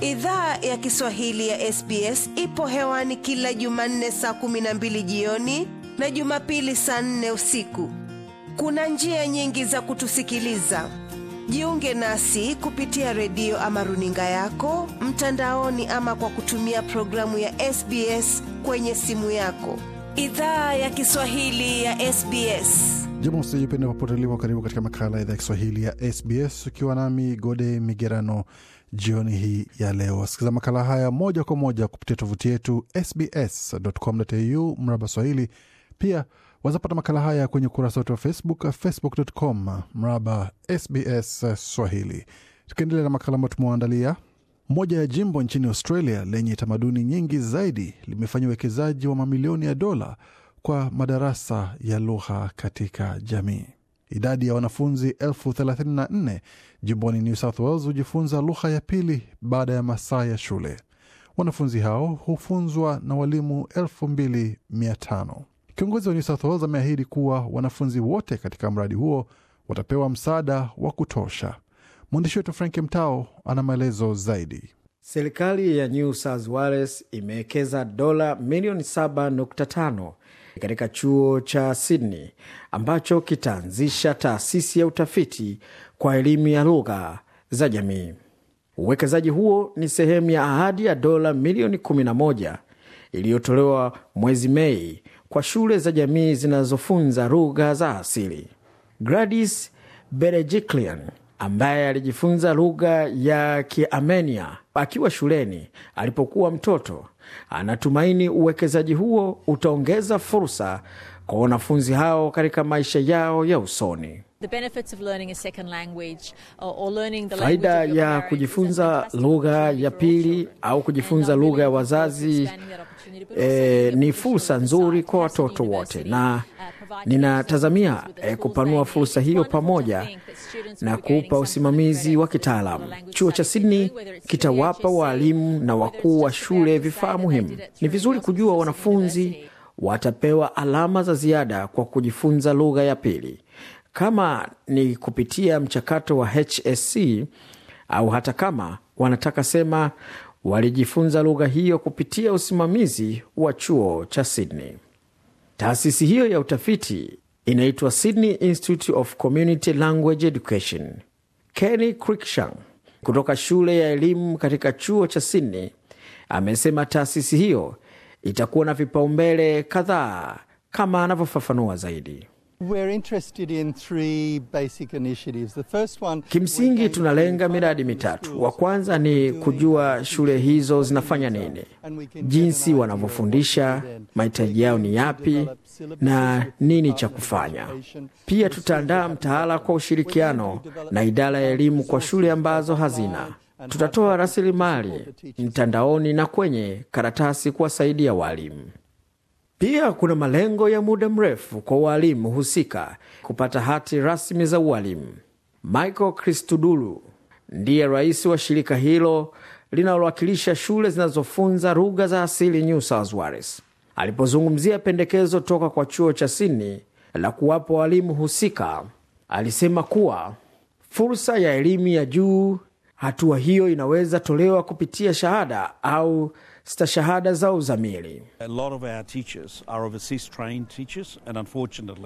Idhaa ya Kiswahili ya SBS ipo hewani kila Jumanne saa kumi na mbili jioni na Jumapili saa nne usiku. Kuna njia nyingi za kutusikiliza. Jiunge nasi kupitia redio ama runinga yako mtandaoni, ama kwa kutumia programu ya SBS kwenye simu yako. Idhaa ya Kiswahili ya SBS. Jambo msijipende popote ulipo, karibu katika makala ya idhaa ya Kiswahili ya SBS ukiwa nami Gode Migerano jioni hii ya leo. Wasikiliza makala haya moja kwa moja kupitia tovuti yetu sbs.com.au mraba Swahili. Pia wazapata makala haya kwenye ukurasa wetu wa Facebook, facebook.com mraba SBS Swahili. Tukiendelea na makala ambayo tumewaandalia, moja ya jimbo nchini Australia lenye tamaduni nyingi zaidi limefanya uwekezaji wa mamilioni ya dola kwa madarasa ya lugha katika jamii. Idadi ya wanafunzi 34 jimboni New South Wales hujifunza lugha ya pili baada ya masaa ya shule. Wanafunzi hao hufunzwa na walimu 2500. Kiongozi wa New South Wales ameahidi kuwa wanafunzi wote katika mradi huo watapewa msaada wa kutosha. Mwandishi wetu Frank Mtao ana maelezo zaidi. Serikali ya New South Wales imewekeza dola milioni 7.5 katika chuo cha Sydney ambacho kitaanzisha taasisi ya utafiti kwa elimu ya lugha za jamii. Uwekezaji huo ni sehemu ya ahadi ya dola milioni 11 iliyotolewa mwezi Mei kwa shule za jamii zinazofunza lugha za asili. Gladys Berejiklian ambaye alijifunza lugha ya Kiarmenia akiwa shuleni alipokuwa mtoto Anatumaini uwekezaji huo utaongeza fursa kwa wanafunzi hao katika maisha yao ya usoni. Faida ya kujifunza lugha ya pili au kujifunza lugha ya wazazi e, ni fursa nzuri kwa watoto wote na uh, Ninatazamia eh, kupanua fursa hiyo pamoja na kuupa usimamizi wa kitaalamu Chuo cha Sydney kitawapa waalimu na wakuu wa shule vifaa muhimu. Ni vizuri kujua wanafunzi watapewa alama za ziada kwa kujifunza lugha ya pili, kama ni kupitia mchakato wa HSC au hata kama wanataka sema walijifunza lugha hiyo kupitia usimamizi wa chuo cha Sydney. Taasisi hiyo ya utafiti inaitwa Sydney Institute of Community Language Education. Kenny Cricksham kutoka shule ya elimu katika chuo cha Sydney amesema taasisi hiyo itakuwa na vipaumbele kadhaa kama anavyofafanua zaidi. Kimsingi tunalenga miradi mitatu. Wa kwanza ni kujua shule hizo zinafanya nini, jinsi wanavyofundisha, mahitaji yao ni yapi na nini cha kufanya. Pia tutaandaa mtaala kwa ushirikiano na idara ya elimu kwa shule ambazo hazina tutatoa rasilimali mtandaoni na kwenye karatasi kuwasaidia walimu. Pia kuna malengo ya muda mrefu kwa waalimu husika kupata hati rasmi za ualimu. Michael Cristodulu ndiye rais wa shirika hilo linalowakilisha shule zinazofunza lugha za asili New South Wales. Alipozungumzia pendekezo toka kwa chuo cha sini la kuwapa walimu husika, alisema kuwa fursa ya elimu ya juu, hatua hiyo inaweza tolewa kupitia shahada au stashahada za uzamili.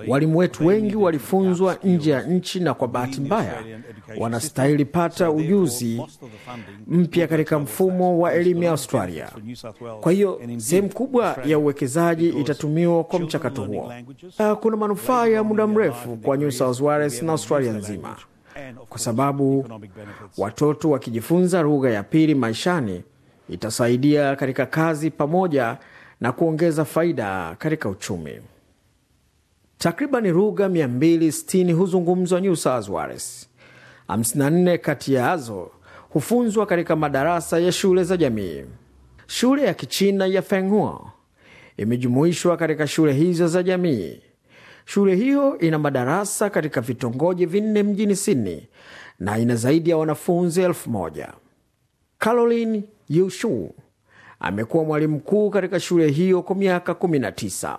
Walimu wetu wengi walifunzwa nje ya nchi, na kwa bahati mbaya wanastahili pata ujuzi mpya katika mfumo wa elimu ya Australia. Kwa hiyo sehemu kubwa ya uwekezaji itatumiwa kwa mchakato huo. Ah, kuna manufaa ya muda mrefu kwa New South Wales na Australia nzima, kwa sababu watoto wakijifunza lugha ya pili maishani itasaidia katika kazi pamoja na kuongeza faida katika uchumi. Takriban lugha 260 huzungumzwa New South Wales. 54 kati yazo hufunzwa katika madarasa ya shule za jamii. Shule ya Kichina ya Fenghuo imejumuishwa katika shule hizo za jamii. Shule hiyo ina madarasa katika vitongoji vinne mjini Sydney na ina zaidi ya wanafunzi elfu moja. Caroline Yushu amekuwa mwalimu mkuu katika shule hiyo kwa miaka 19.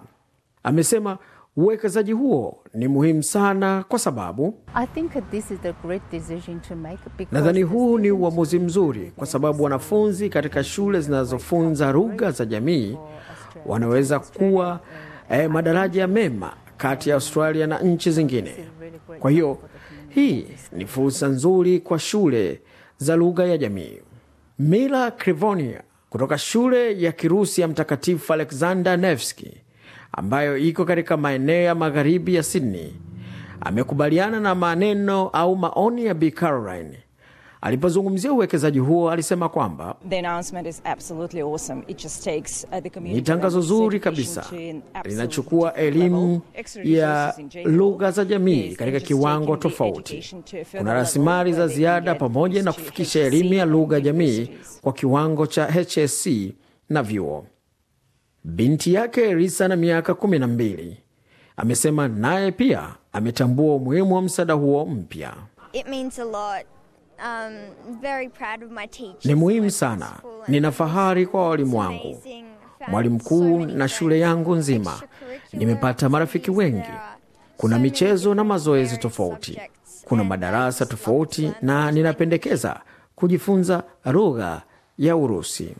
Amesema uwekezaji huo ni muhimu sana kwa sababu nadhani huu ni uamuzi mzuri, kwa sababu wanafunzi katika shule zinazofunza lugha za jamii wanaweza kuwa eh, madaraja mema kati ya Australia na nchi zingine. Kwa hiyo hii ni fursa nzuri kwa shule za lugha ya jamii. Mila Krivonia kutoka shule ya Kirusi ya Mtakatifu Alexander nevski ambayo iko katika maeneo ya magharibi ya Sydney amekubaliana na maneno au maoni ya Bi Caroline Alipozungumzia uwekezaji huo, alisema kwamba uh, ni tangazo zuri kabisa, linachukua elimu ya lugha za jamii katika kiwango tofauti. Kuna rasilimali za ziada pamoja na kufikisha elimu ya lugha ya jamii kwa kiwango cha HSC na vyuo. Binti yake Risa na miaka kumi na mbili amesema naye pia ametambua umuhimu wa msaada huo mpya. Um, Ni muhimu sana. Nina fahari kwa walimu wangu, mwalimu mkuu na shule yangu nzima. Nimepata marafiki wengi. Kuna michezo na mazoezi tofauti, kuna madarasa tofauti, na ninapendekeza kujifunza lugha ya Urusi.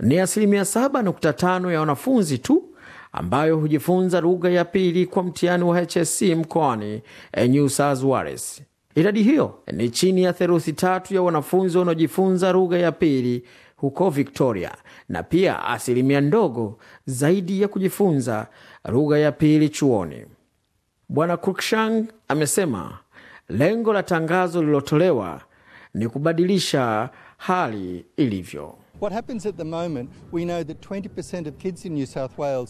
Ni asilimia 7.5 ya wanafunzi tu ambayo hujifunza lugha ya pili kwa mtihani wa HSC mkoani eh, New South Wales. Idadi hiyo ni chini ya theluthi tatu ya wanafunzi wanaojifunza lugha ya pili huko Victoria, na pia asilimia ndogo zaidi ya kujifunza lugha ya pili chuoni. Bwana Cruikshank amesema lengo la tangazo lililotolewa ni kubadilisha hali ilivyo.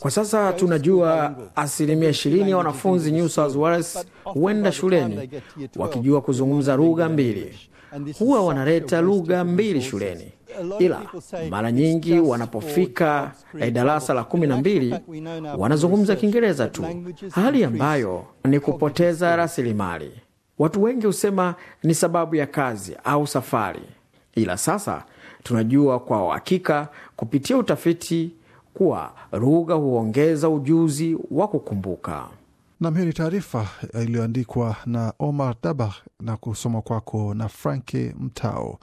Kwa sasa tunajua asilimia ishirini ya wanafunzi New South Wales huenda shuleni wakijua kuzungumza lugha mbili. Huwa wanaleta lugha mbili shuleni, ila mara nyingi wanapofika eh, darasa la kumi na mbili wanazungumza Kiingereza tu, hali ambayo ni kupoteza rasilimali. Watu wengi husema ni sababu ya kazi au safari, ila sasa Tunajua kwa uhakika kupitia utafiti kuwa lugha huongeza ujuzi wa kukumbuka. Nam, hiyo ni taarifa iliyoandikwa na Omar Daba na kusoma kwako na frank Mtao.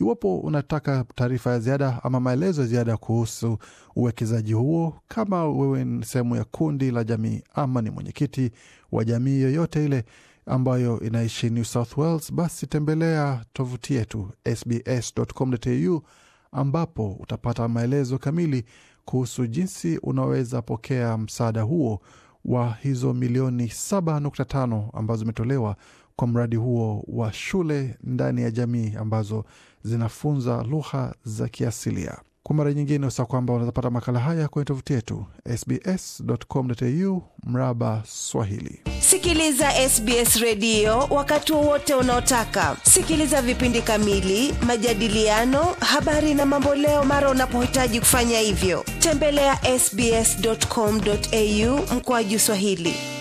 Iwapo unataka taarifa ya ziada ama maelezo ya ziada kuhusu uwekezaji huo, kama wewe ni sehemu ya kundi la jamii ama ni mwenyekiti wa jamii yoyote ile, ambayo inaishi New South Wales, basi tembelea tovuti yetu sbs.com.au ambapo utapata maelezo kamili kuhusu jinsi unaweza pokea msaada huo wa hizo milioni 7.5 ambazo zimetolewa kwa mradi huo wa shule ndani ya jamii ambazo zinafunza lugha za kiasilia. Kwa mara nyingine, usa kwamba unazapata makala haya kwenye tovuti yetu sbs.com.au mraba Swahili. Sikiliza SBS redio wakati wowote unaotaka. Sikiliza vipindi kamili, majadiliano, habari na mamboleo mara unapohitaji kufanya hivyo. Tembelea ya sbs.com.au mkoaju Swahili.